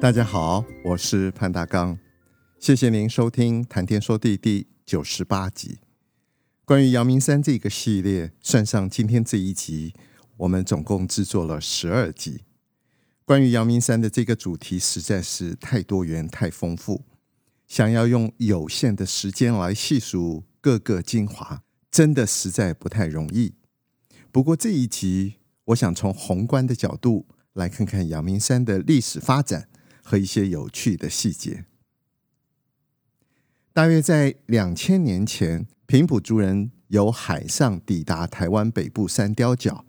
大家好，我是潘大剛，謝謝您收聽《談天說地》第九十八集。關於陽明山這個系列，算上今天這一集，我們總共制作了十二集。關於陽明山的這個主題，實在是太多元、太豐富，想要用有限的時間來細數各個精華，真的實在不太容易。不過這一集，我想從宏觀的角度來看看陽明山的歷史發展。和一些有趣的細節。大約在兩千年前，平埔族人由海上抵達台灣北部三貂角，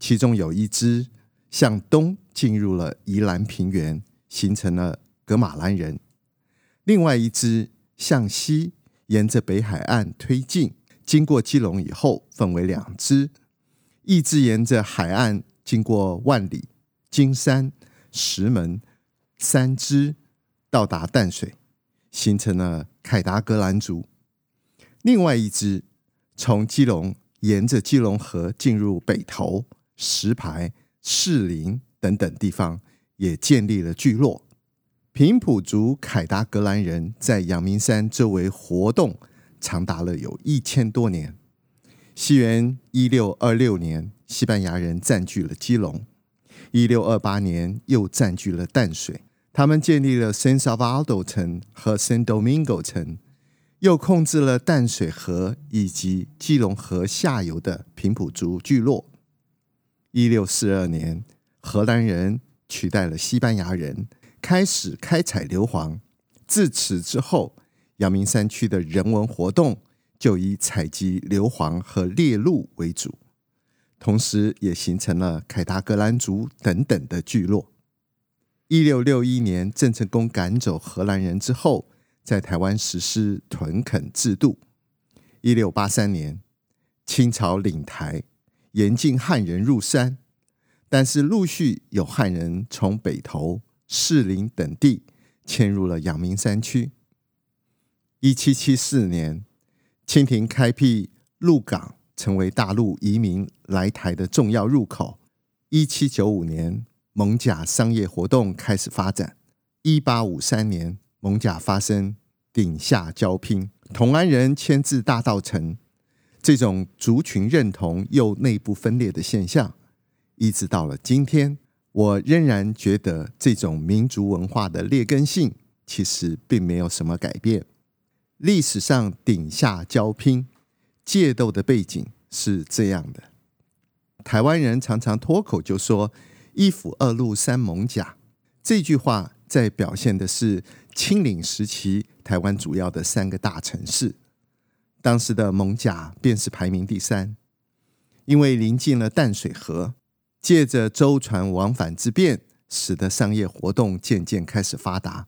其中有一支向東進入了宜蘭平原，形成了噶瑪蘭人；另外一支向西沿着北海岸推進，經過基隆以後，分為兩支，一支沿着海岸經過萬里、金山、石門。三支到達淡水，形成了凱達格蘭族。另外一支從基隆沿着基隆河進入北投、石牌、士林等等地方，也建立了聚落。平埔族凱達格蘭人在陽明山周圍活動，長達了有一千多年。西元一六二六年，西班牙人佔據了基隆；一六二八年，又佔據了淡水。他們建立了 San Salvador 城和 San Domingo 城，又控制了淡水河以及基隆河下游的平埔族聚落。一六四二年，荷蘭人取代了西班牙人，開始開採硫磺。自此之後，陽明山區的人文活動就以採集硫磺和獵鹿為主，同時也形成了凱達格蘭族等等的聚落。一六六一年，鄭成功趕走荷蘭人之後，在臺灣實施屯墾制度。一六八三年，清朝領台，嚴禁漢人入山，但是陸續有漢人從北投、士林等地遷入了陽明山區。一七七四年，清廷開闢鹿港，成為大陸移民來台的重要入口。一七九五年，艋舺商業活動開始發展。一八五三年，艋舺發生頂下郊拼，同安人遷至大稻埕。這種族群認同又內部分裂的現象，一直到了今天，我仍然覺得這種民族文化的劣根性其實並沒有什麼改變。歷史上頂下郊拼械鬥的背景是這樣的：台灣人常常脫口就說。一府二鹿三艋舺，這句話在表現的是清領時期台灣主要的三個大城市。當時的艋舺便是排名第三，因為臨近了淡水河，借着舟船往返之便，使得商業活動漸漸開始發達。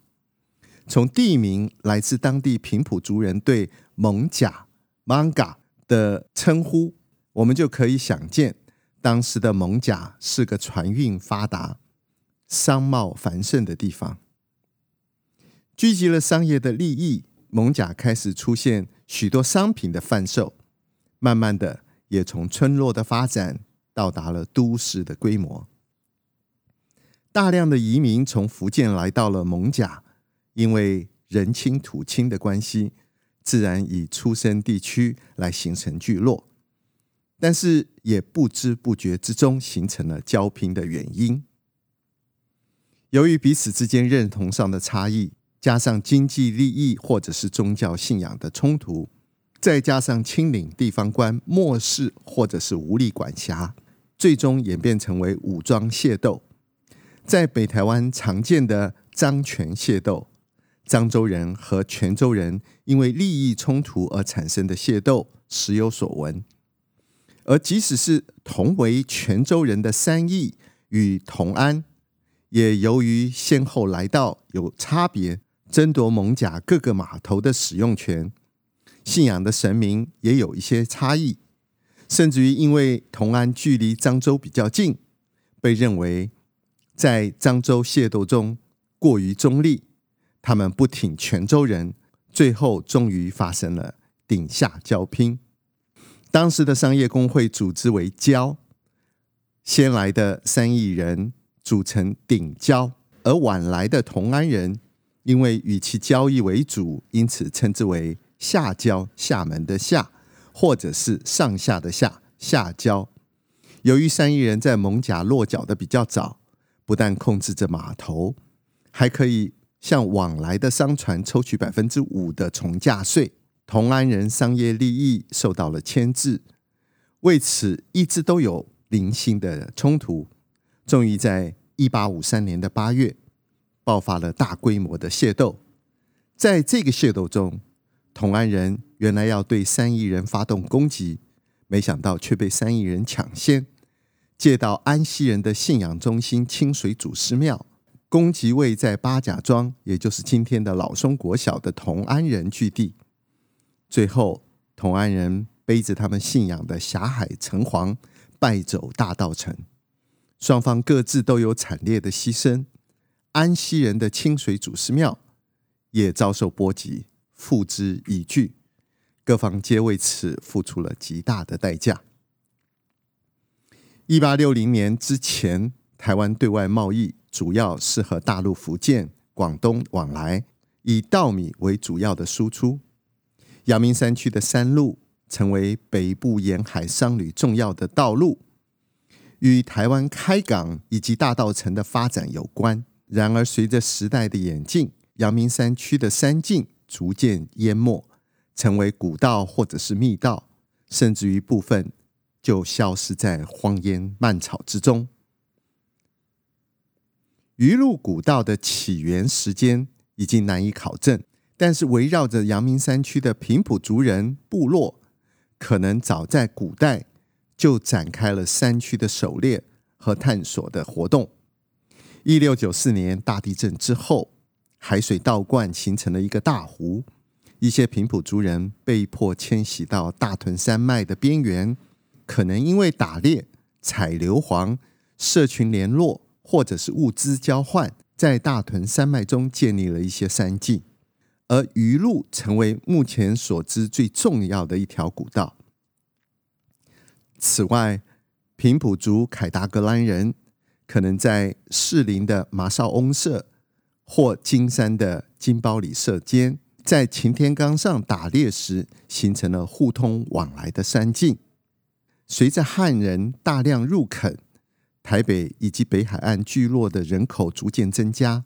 從地名來自當地平埔族人對艋舺 （manga） 的稱呼，我們就可以想見。當時的艋舺是個船運發達、商貿繁盛的地方，聚集了商業的利益。艋舺開始出現許多商品的販售，慢慢的也從村落的發展到達了都市的規模。大量的移民從福建來到了艋舺，因為人親土親的關係，自然以出生地區來形成聚落。但是也不知不覺之中形成了郊拼的原因。由於彼此之間認同上的差異，加上經濟利益或者是宗教信仰的衝突，再加上清領地方官漠視或者是無力管轄，最終演變成為武裝械鬥。在北台灣常見的漳泉械鬥，漳州人和泉州人因為利益衝突而產生的械鬥，時有所聞。而即使是同為泉州人的三邑與同安，也由於先後來到有差別，爭奪艋舺各個碼頭的使用權，信仰的神明也有一些差異，甚至於因為同安距離漳州比較近，被認為在漳州械鬥中過於中立，他們不挺泉州人，最後終於發生了頂下郊拼。當時的商業公會組織為“郊”，先來的三邑人組成“頂郊”，而晚來的同安人因為與其交易為主，因此稱之為“下郊”。廈門的“廈”或者是上下的“下”，下郊。由於三邑人在艋舺落腳的比較早，不但控制着碼頭，還可以向往來的商船抽取百分之五的從價稅。同安人商業利益受到了牽制，為此一直都有零星的衝突。終於在一八五三年的八月，爆發了大規模的械鬥。在這個械鬥中，同安人原來要對三邑人發動攻擊，沒想到卻被三邑人搶先，借到安溪人的信仰中心清水祖師廟，攻擊位在八甲莊，也就是今天的老松國小的同安人居地。最後，同安人背着他們信仰的霞海城隍敗走大稻埕，雙方各自都有慘烈的犧牲。安溪人的清水祖師廟也遭受波及，付之一炬。各方皆為此付出了極大的代價。一八六零年之前，台灣對外貿易主要是和大陸福建、廣東往來，以稻米為主要的輸出。陽明山區的山路成為北部沿海商旅重要的道路，與台灣開港以及大稻埕的發展有關。然而，隨着時代的演進，陽明山區的山徑逐漸淹沒，成為古道或者是密道，甚至於部分就消失在荒煙蔓草之中。魚路古道的起源時間已經難以考證。但是，圍繞着陽明山區的平埔族人部落，可能早在古代就展開了山區的狩獵和探索的活動。一六九四年大地震之後，海水倒灌形成了一個大湖，一些平埔族人被迫遷徙到大屯山脈的邊緣。可能因為打獵、採硫磺、社群聯絡或者是物資交換，在大屯山脈中建立了一些山徑。而魚路成為目前所知最重要的一條古道。此外，平埔族凱達格蘭人可能在士林的麻少翁社或金山的金包里社間，在擎天岡上打獵時，形成了互通往來的山徑。隨着漢人大量入墾，台北以及北海岸聚落的人口逐漸增加。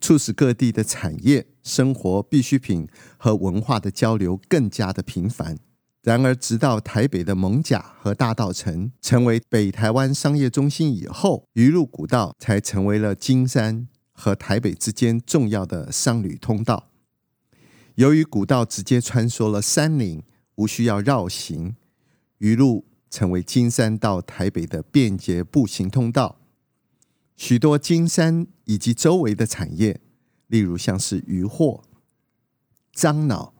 促使各地的產業、生活必需品和文化的交流更加的頻繁。然而，直到台北的艋舺和大稻埕成，成為北台灣商業中心以後，魚路古道才成為了金山和台北之間重要的商旅通道。由於古道直接穿梭了山嶺，無需要繞行，魚路成為金山到台北的便捷步行通道。許多金山以及周圍的產業，例如像是漁獲、樟腦、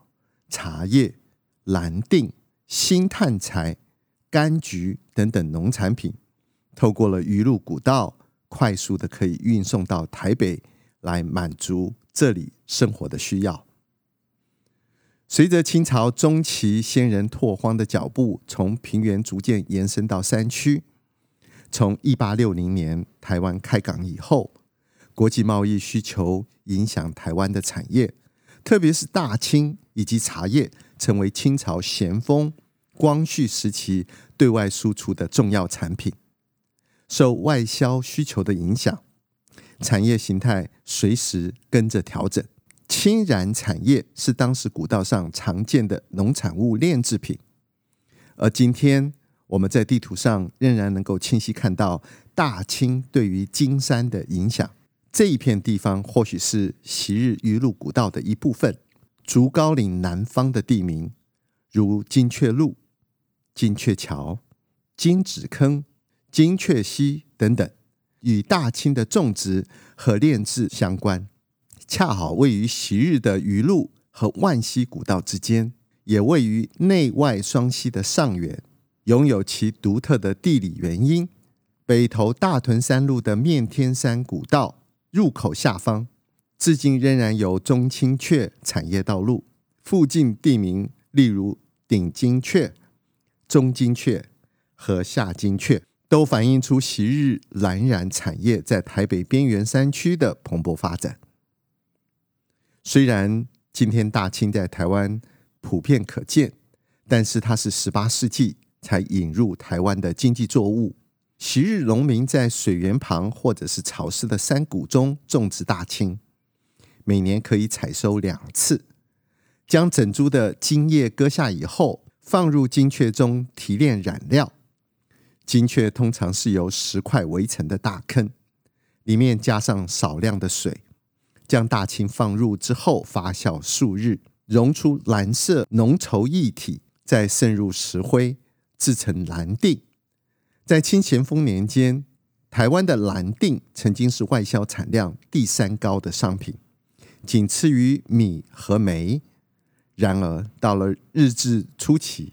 茶葉、藍靛、薪炭材、柑橘等等農產品，透過了魚路古道，快速的可以運送到台北，來滿足這裡生活的需要。隨着清朝中期先人拓荒的腳步，從平原逐漸延伸到山區。從一八六零年台灣開港以後，國際貿易需求影響台灣的產業，特別是大青以及茶葉成為清朝咸豐、光緒時期對外輸出的重要產品。受外銷需求的影響，產業形態隨時跟着調整。清染產業是當時古道上常見的農產物煉製品，而今天，我們在地圖上仍然能夠清晰看到大青對於金山的影響。這一片地方或許是昔日魚路古道的一部分。竹高嶺南方的地名，如金雀路、金雀橋、金子坑、金雀溪等等，與大青的種植和煉制相關。恰好位於昔日的魚路和萬溪古道之間，也位於內外雙溪的上源。擁有其獨特的地理原因。北投大屯山麓的面天山古道入口下方，至今仍然有中青雀產業道路。附近地名，例如頂金雀、中金雀和下金雀，都反映出昔日藍染產業在台北邊緣山區的蓬勃發展。雖然今天大青在台灣普遍可見，但是它是十八世紀，才引入台灣的經濟作物。昔日農民在水源旁或者是潮濕的山谷中種植大青，每年可以採收兩次，將整株的莖葉割下以後，放入菁礐中提煉染料。菁礐通常是由石塊圍成的大坑，裡面加上少量的水，將大青放入之後發酵數日，溶出藍色濃稠液體，再滲入石灰，製成藍錠，在清咸豐年間，台灣的藍錠曾經是外銷產量第三高的商品，僅次於米和煤。然而，到了日治初期，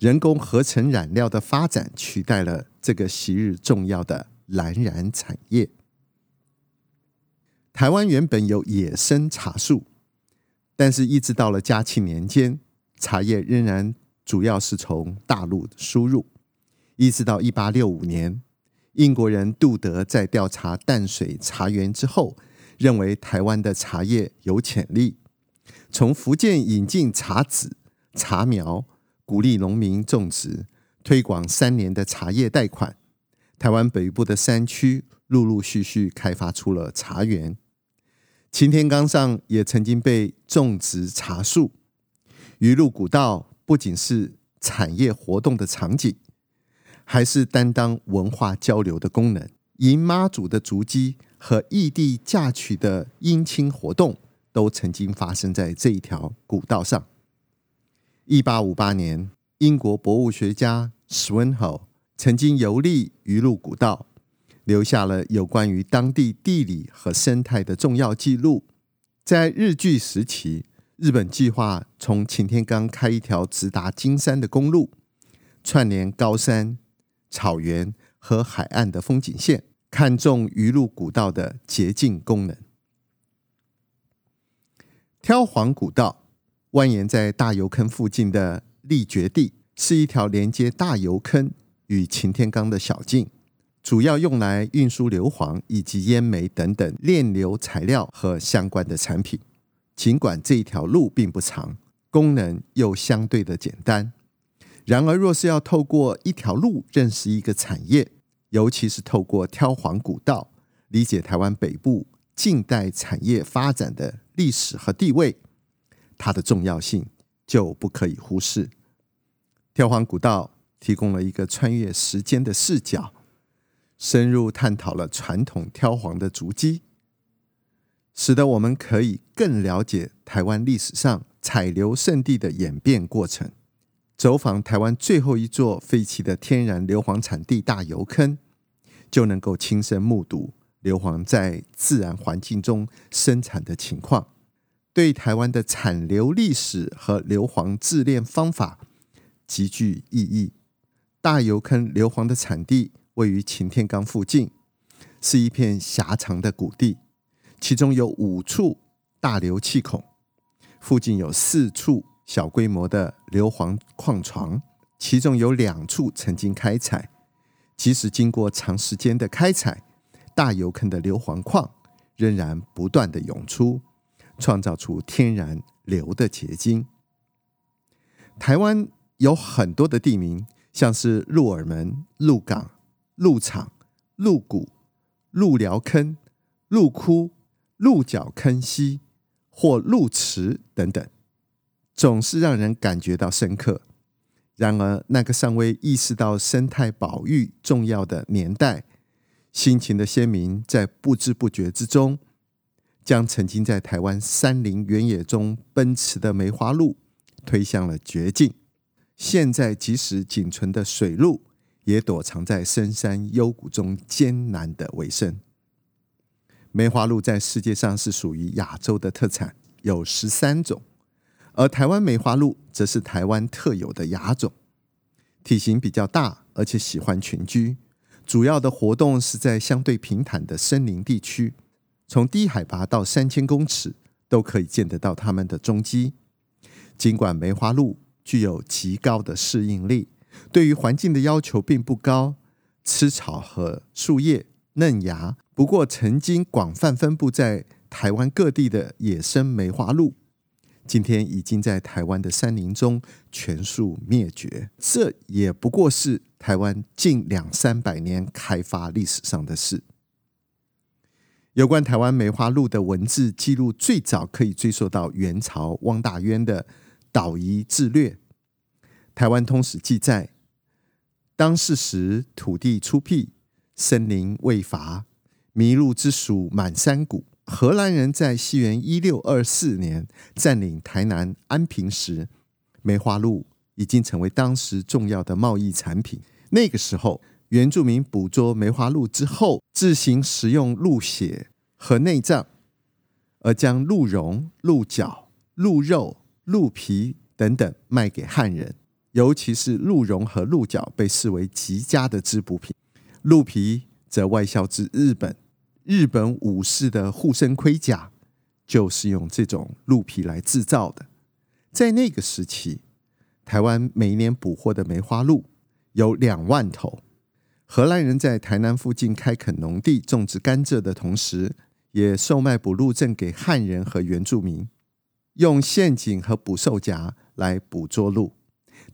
人工合成染料的發展取代了這個昔日重要的藍染產業。台灣原本有野生茶樹，但是一直到了嘉慶年間，茶葉仍然。主要是從大陸輸入。一直到一八六五年，英國人杜德在調查淡水茶園之後，認為台灣的茶葉有潛力，從福建引進茶籽、茶苗，鼓勵農民種植，推廣三年的茶葉貸款。台灣北部的山區陸陸續續開發出了茶園，擎天崗上也曾經被種植茶樹，魚路古道，不僅是產業活動的場景，還是擔當文化交流的功能。迎媽祖的足跡和異地嫁娶的姻親活動，都曾經發生在這一條古道上。一八五八年，英國博物學家史文豪曾經遊歷魚路古道，留下了有關於當地地理和生態的重要記錄。在日據時期，日本計劃從擎天崗開一條直達金山的公路，串聯高山、草原和海岸的風景線，看中魚路古道的捷徑功能。挑磺古道蜿蜒在大油坑附近的立掘地，是一條連接大油坑與擎天崗的小徑，主要用來運輸硫磺以及煙煤等等煉硫材料和相關的產品。儘管這一條路並不長，功能又相對的簡單，然而若是要透過一條路認識一個產業，尤其是透過挑磺古道，理解台灣北部近代產業發展的歷史和地位，它的重要性就不可以忽視。挑磺古道提供了一個穿越時間的視角，深入探討了傳統挑磺的足跡。使得我們可以更了解台灣歷史上採硫聖地的演變過程。走訪台灣最後一座廢棄的天然硫磺產地大油坑，就能夠親身目睹硫磺在自然環境中生產的情況，對台灣的產硫歷史和硫磺冶煉方法極具意義。大油坑硫磺的產地位於擎天崗附近，是一片狹長的谷地。其中有五處大硫氣孔，附近有四處小規模的硫磺礦床，其中有兩處曾經開採。即使經過長時間的開採，大油坑的硫磺礦仍然不斷的湧出，創造出天然硫的結晶。台灣有很多的地名，像是鹿耳門、鹿港、鹿場、鹿谷、鹿寮坑、鹿窟。鹿角坑溪或鹿池等等，總是讓人感覺到深刻。然而，那個尚未意識到生態保育重要的年代，辛勤的先民在不知不覺之中，將曾經在台灣山林原野中奔馳的梅花鹿推向了絕境。現在，即使僅存的水鹿，也躲藏在深山幽谷中艱難的維生。梅花鹿在世界上是屬於亞洲的特產，有十三種，而台灣梅花鹿則是台灣特有的亞種。體型比較大，而且喜歡群居，主要的活動是在相對平坦的森林地區，從低海拔到三千公尺都可以見得到它們的蹤跡。儘管梅花鹿具有極高的適應力，對於環境的要求並不高，吃草和樹葉。嫩芽。不過，曾經廣泛分布在台灣各地的野生梅花鹿，今天已經在台灣的山林中全數滅絕。這也不過是台灣近兩三百年開發歷史上的事。有關台灣梅花鹿的文字記錄，最早可以追溯到元朝汪大淵的《島夷志略》。《台灣通史》記載，當世時土地出闢。森林未伐，麋鹿之屬滿山谷。荷蘭人在西元一六二四年占領台南安平時，梅花鹿已經成為當時重要的貿易產品。那個時候，原住民捕捉梅花鹿之後，自行食用鹿血和內臟，而將鹿茸、鹿角、鹿肉、鹿皮等等賣給漢人，尤其是鹿茸和鹿角被視為極佳的滋補品。鹿皮則外銷至日本，日本武士的護身盔甲就是用這種鹿皮來制造的。在那個時期，台灣每一年捕獲的梅花鹿有兩萬頭。荷蘭人在台南附近開墾農地、種植甘蔗的同時，也售賣捕鹿證給漢人和原住民，用陷阱和捕獸夾來捕捉鹿。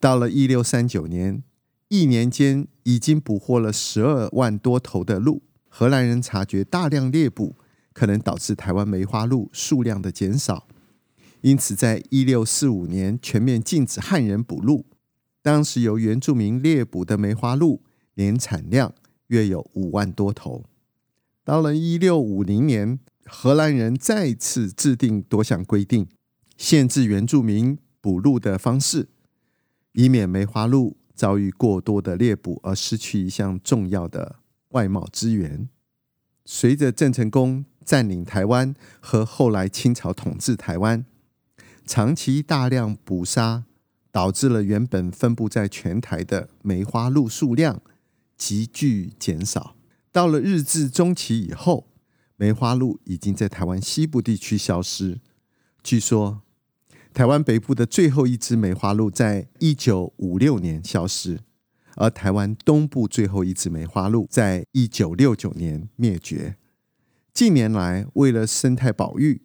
到了一六三九年，一年間。已經捕獲了十二萬多頭的鹿。荷蘭人察覺大量獵捕可能導致台灣梅花鹿數量的減少，因此在一六四五年全面禁止漢人捕鹿。當時由原住民獵捕的梅花鹿年產量約有五萬多頭。到了一六五零年，荷蘭人再次制定多項規定，限制原住民捕鹿的方式，以免梅花鹿。遭遇過多的獵捕而失去一項重要的外貿資源。隨着鄭成功占領台灣和後來清朝統治台灣，長期大量捕殺導致了原本分布在全台的梅花鹿數量急劇減少。到了日治中期以後，梅花鹿已經在台灣西部地區消失。據說。台灣北部的最後一隻梅花鹿在一九五六年消失，而台灣東部最後一隻梅花鹿在一九六九年滅絕。近年來，為了生態保育，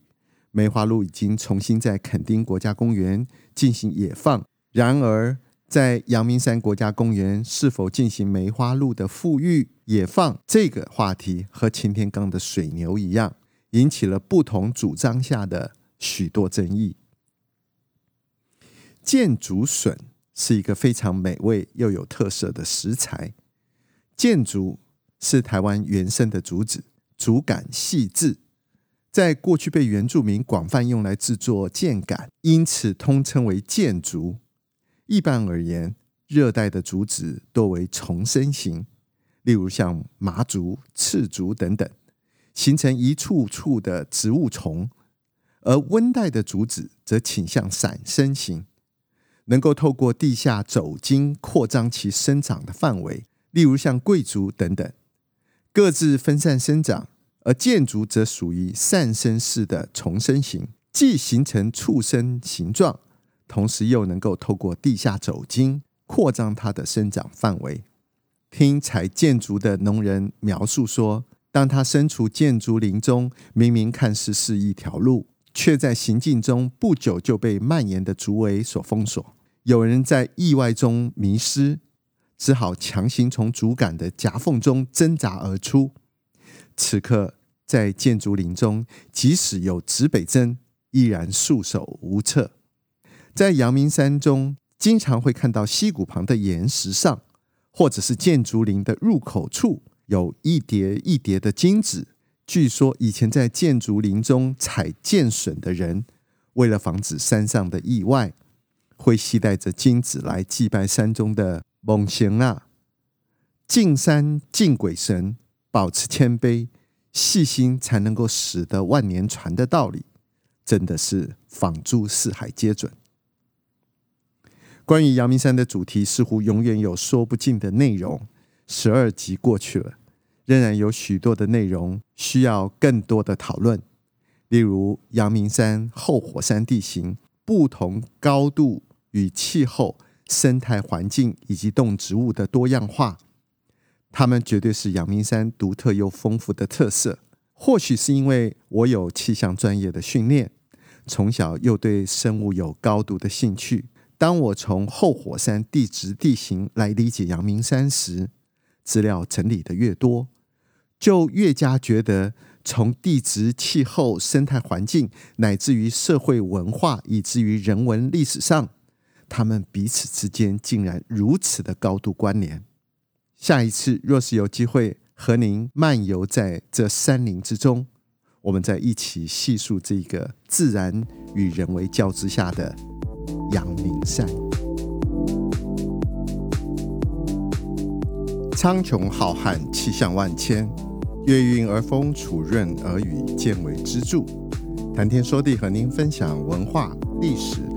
梅花鹿已經重新在墾丁國家公園進行野放。然而，在陽明山國家公園是否進行梅花鹿的復育、野放這個話題，和擎天崗的水牛一樣，引起了不同主張下的許多爭議。箭竹筍是一個非常美味又有特色的食材。箭竹是台灣原生的竹子，竹桿細緻，在過去被原住民廣泛用來製作箭桿，因此通稱為箭竹。一般而言，熱帶的竹子多為叢生型，例如像麻竹、刺竹等等，形成一簇簇的植物叢；而溫帶的竹子則傾向散生型。能夠透過地下走莖擴張其生長的範圍，例如像桂竹等等，各自分散生長；而箭竹則屬於散生式的叢生型，既形成簇生形狀，同時又能夠透過地下走莖擴張它的生長範圍。聽採箭竹的農人描述說，當他身處箭竹林中，明明看似是一條路，卻在行進中不久就被蔓延的竹葦所封鎖。有人在意外中迷失，只好強行從竹竿的夾縫中掙扎而出。此刻，在箭竹林中，即使有指北針，依然束手無策。在陽明山中，經常會看到溪谷旁的岩石上，或者是箭竹林的入口處，有一疊一疊的金紙。據說，以前在箭竹林中採箭筍的人，為了防止山上的意外。會攜帶著金子來祭拜山中的猛熊啊！敬山敬鬼神，保持謙卑、細心，才能夠使得萬年船的道理，真的是放諸四海皆準。關於陽明山的主題，似乎永遠有說不盡的內容。十二集過去了，仍然有許多的內容需要更多的討論，例如陽明山後火山地形、不同高度。與氣候、生態環境以及動植物的多樣化，它們絕對是陽明山獨特又豐富的特色。或許是因為我有氣象專業的訓練，從小又對生物有高度的興趣。當我從後火山地質地形來理解陽明山時，資料整理得越多，就越加覺得從地質、氣候、生態環境，乃至於社會文化，以至於人文歷史上，他們彼此之間竟然如此的高度關聯。下一次若是有機會和您漫游在這山林之中，我們再一起細數這個自然與人為交織下的陽明山。蒼穹浩瀚，氣象萬千，月暈而風，礎潤而雨，見微知著，談天說地，和您分享文化歷史。